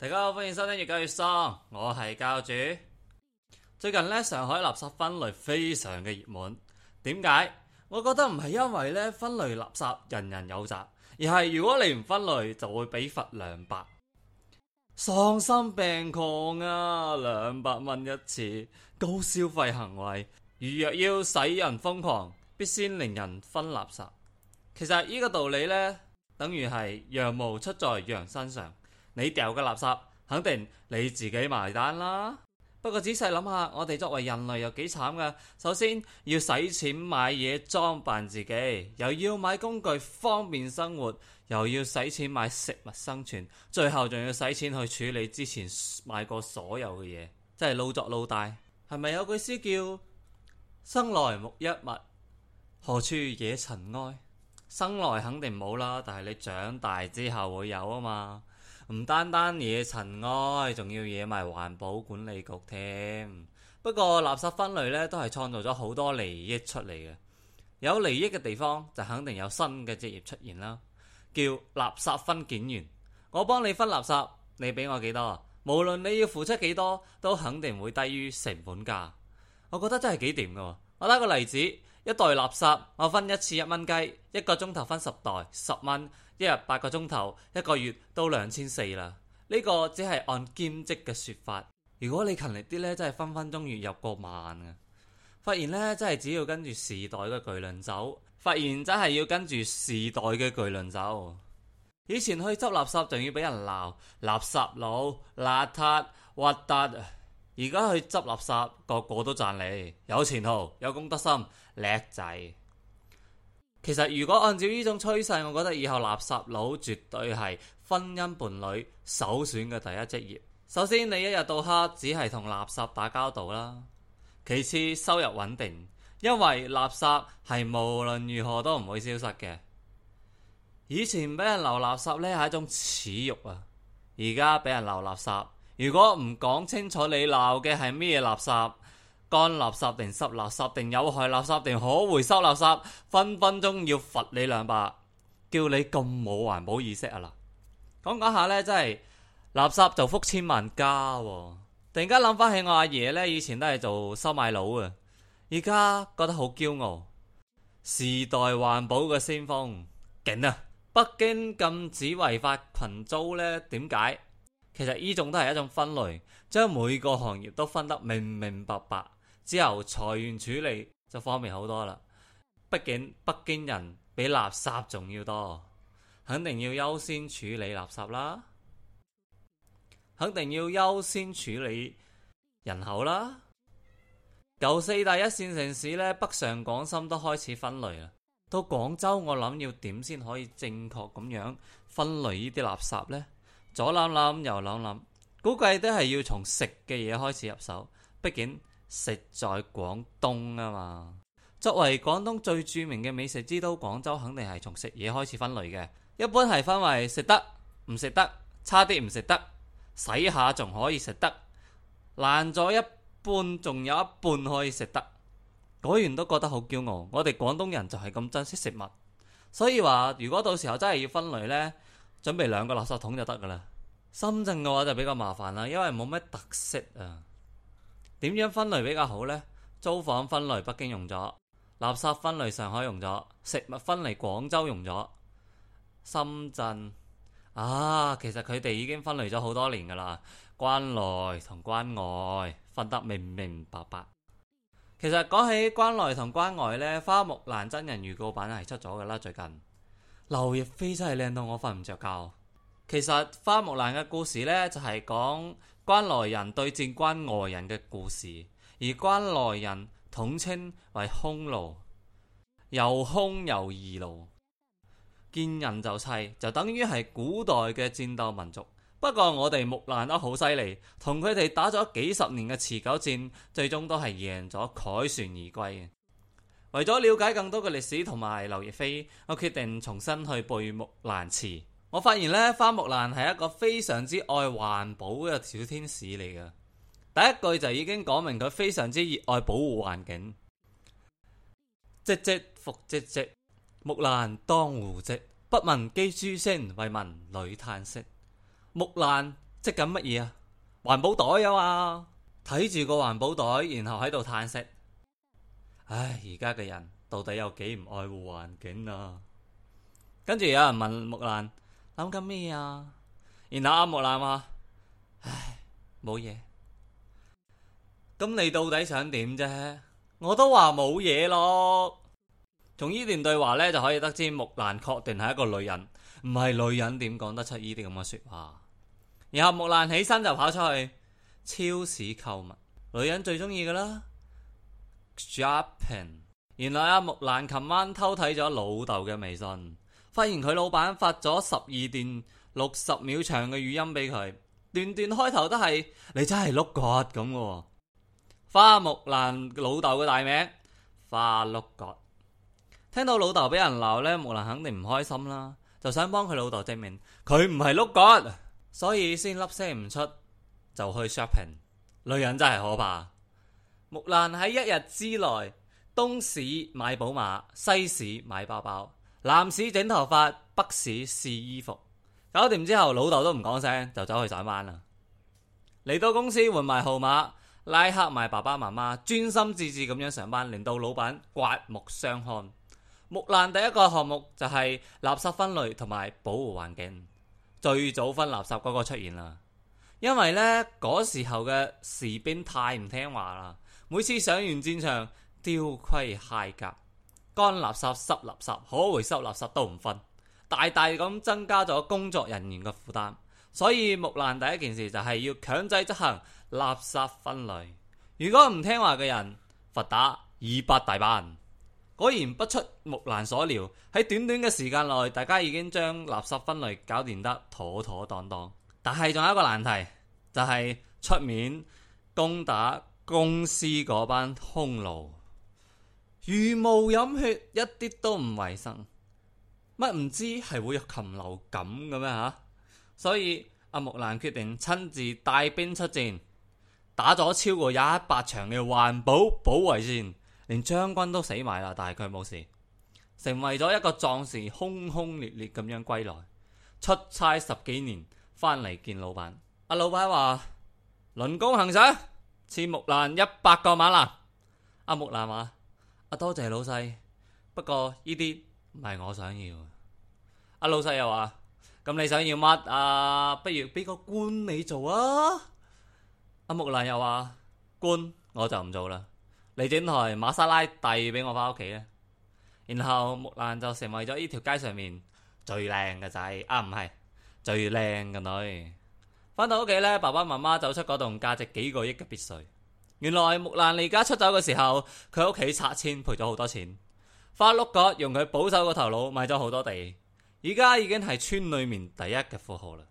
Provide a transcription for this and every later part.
大家好，歡迎收聽粵教粵喪，我係教主。最近呢，上海垃圾分類非常嘅熱門。點解？我覺得唔係因為呢分類垃圾人人有責，而係如果你唔分類，就會俾罰兩百。喪心病狂啊！兩百蚊一次，高消費行為，如若要使人瘋狂，必先令人分垃圾。其實呢個道理呢，等於係羊毛出在羊身上。你掉嘅垃圾肯定你自己埋單啦。不過仔細諗下，我哋作為人類又幾慘噶？首先要使錢買嘢裝扮自己，又要買工具方便生活，又要使錢買食物生存，最後仲要使錢去處理之前買過所有嘅嘢，真係 NO ZUO NO DAI。係咪有句詩叫生來無一物，何處惹塵埃？生來肯定冇啦，但係你長大之後會有啊嘛。唔單單惹塵埃，仲要惹埋環保管理局添。不過垃圾分類呢，都係創造咗好多利益出嚟嘅。有利益嘅地方就肯定有新嘅職業出現啦，叫垃圾分揀員。我幫你分垃圾，你俾我幾多？無論你要付出幾多，都肯定會低於成本價。我覺得真係幾掂噶。我打個例子，一袋垃圾我分一次一蚊雞，一個鐘頭分十袋，十蚊。一日八個鐘頭，一個月都兩千四啦。呢個只係按兼職嘅説法。如果你勤力啲，呢真係分分鐘月入過萬嘅。發現呢，真係只要跟住時代嘅巨輪走，發現真係要跟住時代嘅巨輪走。以前去執垃圾仲要俾人鬧，垃圾佬、邋遢、核突。而家去執垃圾，個個都讚你，有前途，有公德心，叻仔。其實如果按照呢種趨勢，我覺得以後垃圾佬絕對係婚姻伴侶首選嘅第一職業。首先，你一日到黑只係同垃圾打交道啦。其次，收入穩定，因為垃圾係無論如何都唔會消失嘅。以前俾人鬧垃圾呢係一種恥辱啊！而家俾人鬧垃圾，如果唔講清楚你鬧嘅係咩垃圾。乾垃圾定濕垃圾定有害垃圾定可回收垃圾，分分鐘要罰你兩百，叫你咁冇環保意識啊嗱！講講下咧，真係垃圾造福千萬家。突然間諗翻起我阿爺咧，以前都係做收買佬嘅，而家覺得好驕傲，時代環保嘅先鋒，勁啊！北京禁止違法群租咧，點解？其實呢種都係一種分類，將每個行業都分得明明白白。之後裁員處理就方便好多啦。畢竟北京人比垃圾仲要多，肯定要優先處理垃圾啦。肯定要優先處理人口啦。舊四大一線城市呢，北上廣深都開始分類啦。到廣州，我諗要點先可以正確咁樣分類呢啲垃圾呢？左諗諗右諗諗，估計都係要從食嘅嘢開始入手。畢竟。食在廣東啊嘛，作為廣東最著名嘅美食之都，廣州肯定係從食嘢開始分類嘅。一般係分為食得、唔食得、差啲唔食得、洗下仲可以食得、爛咗一半仲有一半可以食得。講完都覺得好驕傲，我哋廣東人就係咁珍惜食物。所以話，如果到時候真係要分類呢，準備兩個垃圾桶就得噶啦。深圳嘅話就比較麻煩啦，因為冇咩特色啊。點樣分類比較好呢？租房分類北京用咗，垃圾分類上海用咗，食物分類廣州用咗，深圳啊，其實佢哋已經分類咗好多年噶啦。關內同關外分得明明白白。其實講起關內同關外呢，《花木蘭》真人預告版係出咗噶啦，最近劉亦菲真係靚到我瞓唔着覺。其實花木蘭嘅故事呢，就係講關內人對戰關外人嘅故事，而關外人統稱為匈奴，又兇又易怒，見人就砌，就等於係古代嘅戰鬥民族。不過我哋木蘭都好犀利，同佢哋打咗幾十年嘅持久戰，最終都係贏咗凱旋而歸嘅。為咗了、了解更多嘅歷史同埋劉亦菲，我決定重新去背木蘭詩。我發現咧，花木蘭係一個非常之愛環保嘅小天使嚟嘅。第一句就已經講明佢非常之熱愛保護環境。唧唧復唧唧，木蘭當戶織，不聞機杼聲，惟聞女嘆息。木蘭織緊乜嘢啊？環保袋啊嘛，睇住個環保袋，然後喺度嘆息。唉，而家嘅人到底有幾唔愛護環境啊？跟住有人問木蘭。諗緊咩啊？然後阿木蘭話：唉，冇嘢。咁你到底想點啫？我都話冇嘢咯。從呢段對話呢，就可以得知，木蘭確定係一個女人，唔係女人點講得出呢啲咁嘅說話？然後木蘭起身就跑出去超市購物，女人最中意嘅啦。Shopping。原來阿木蘭琴晚偷睇咗老豆嘅微信。發現佢老闆發咗十二段六十秒長嘅語音俾佢，段段開頭都係你真係碌葛咁嘅。花木蘭老豆嘅大名花碌葛。聽到老豆俾人鬧呢，木蘭肯定唔開心啦，就想幫佢老豆證明佢唔係碌葛，所以先粒聲唔出，就去 shopping。女人真係可怕，木蘭喺一日之內東市買寶馬，西市買包包。南市整頭髮，北市試衣服，搞掂之後老豆都唔講聲就走去上班啦。嚟到公司換埋號碼，拉黑埋爸爸媽媽，專心致志咁樣上班，令到老闆刮目相看。木蘭第一個項目就係垃圾分類同埋保護環境，最早分垃圾嗰個出現啦。因為呢嗰時候嘅士兵太唔聽話啦，每次上完戰場丟盔卸甲。乾垃圾、濕垃圾、可回收垃圾都唔分，大大咁增加咗工作人員嘅負擔。所以木蘭第一件事就係要強制執行垃圾分類。如果唔聽話嘅人，罰打二百大板。果然不出木蘭所料，喺短短嘅時間內，大家已經將垃圾分類搞掂得妥妥當當。但係仲有一個難題，就係、是、出面攻打公司嗰班匈奴。茹毛飲血，一啲都唔衛生，乜唔知係會有禽流感嘅咩吓？所以阿木蘭決定親自帶兵出戰，打咗超過一百場嘅環保保衛戰，連將軍都死埋啦，但係佢冇事，成為咗一個壯士，轟轟烈烈咁樣歸來。出差十幾年，翻嚟見老闆，阿老闆話論功行賞，賜木蘭一百個猛男。阿木蘭話。啊，多謝老細。不過呢啲唔係我想要。阿老細又話：咁你想要乜？啊，不如俾個官你做啊。阿木蘭又話：官我就唔做啦。你整台瑪莎拉蒂俾我返屋企啦。然後木蘭就成為咗呢條街上面最靚嘅仔。啊，唔係最靚嘅女。返到屋企呢，爸爸媽媽走出嗰棟價值幾個億嘅別墅。原來木蘭離家出走嘅時候，佢屋企拆遷賠咗好多錢，花碌角用佢保守個頭腦買咗好多地，而家已經係村裏面第一嘅富豪啦。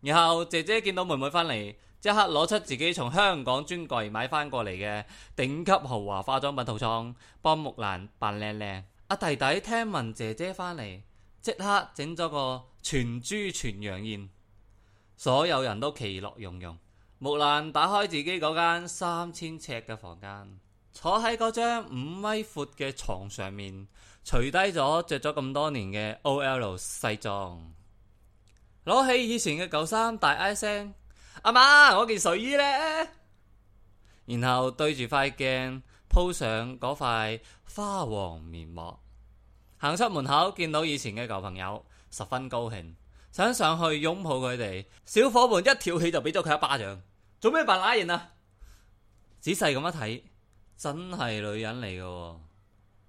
然後姐姐見到妹妹翻嚟，即刻攞出自己從香港專櫃買翻過嚟嘅頂級豪華化妝品套裝，幫木蘭扮靚靚。阿弟弟聽聞姐姐翻嚟，即刻整咗個全豬全羊宴，所有人都其樂融融。木蘭打開自己嗰間三千尺嘅房間，坐喺嗰張五米闊嘅床上面，除低咗着咗咁多年嘅 OL 西裝，攞起以前嘅舊衫，大嗌聲：阿媽，我件睡衣呢！然後對住塊鏡鋪上嗰塊花黃面膜，行出門口見到以前嘅舊朋友，十分高興，想上去擁抱佢哋，小伙伴一跳起就俾咗佢一巴掌。做咩扮乸型啊？仔細咁一睇，真係女人嚟㗎喎。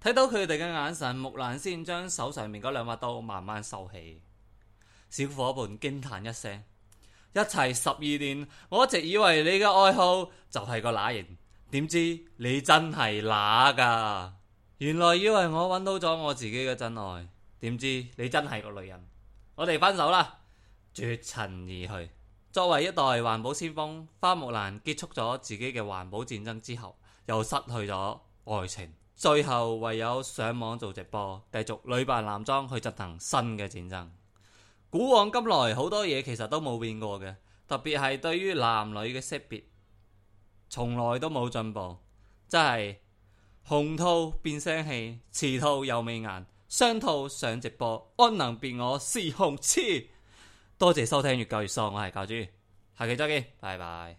睇到佢哋嘅眼神，木蘭先將手上面嗰兩把刀慢慢收起。小伙伴驚嘆一聲：一齊十二年，我一直以為你嘅愛好就係個乸型，點知你真係乸㗎。原來以為我揾到咗我自己嘅真愛，點知你真係個女人。我哋分手啦，絕塵而去。作為一代環保先鋒，花木蘭結束咗自己嘅環保戰爭之後，又失去咗愛情，最後唯有上網做直播，繼續女扮男裝去進行新嘅戰爭。古往今來，好多嘢其實都冇變過嘅，特別係對於男女嘅識別，從來都冇進步。真係雄兔變聲器，雌兔又美顏，雙兔上直播，安能辨我是雄痴。多謝收聽《粵教粵喪》，我係教主，下期再見，拜拜。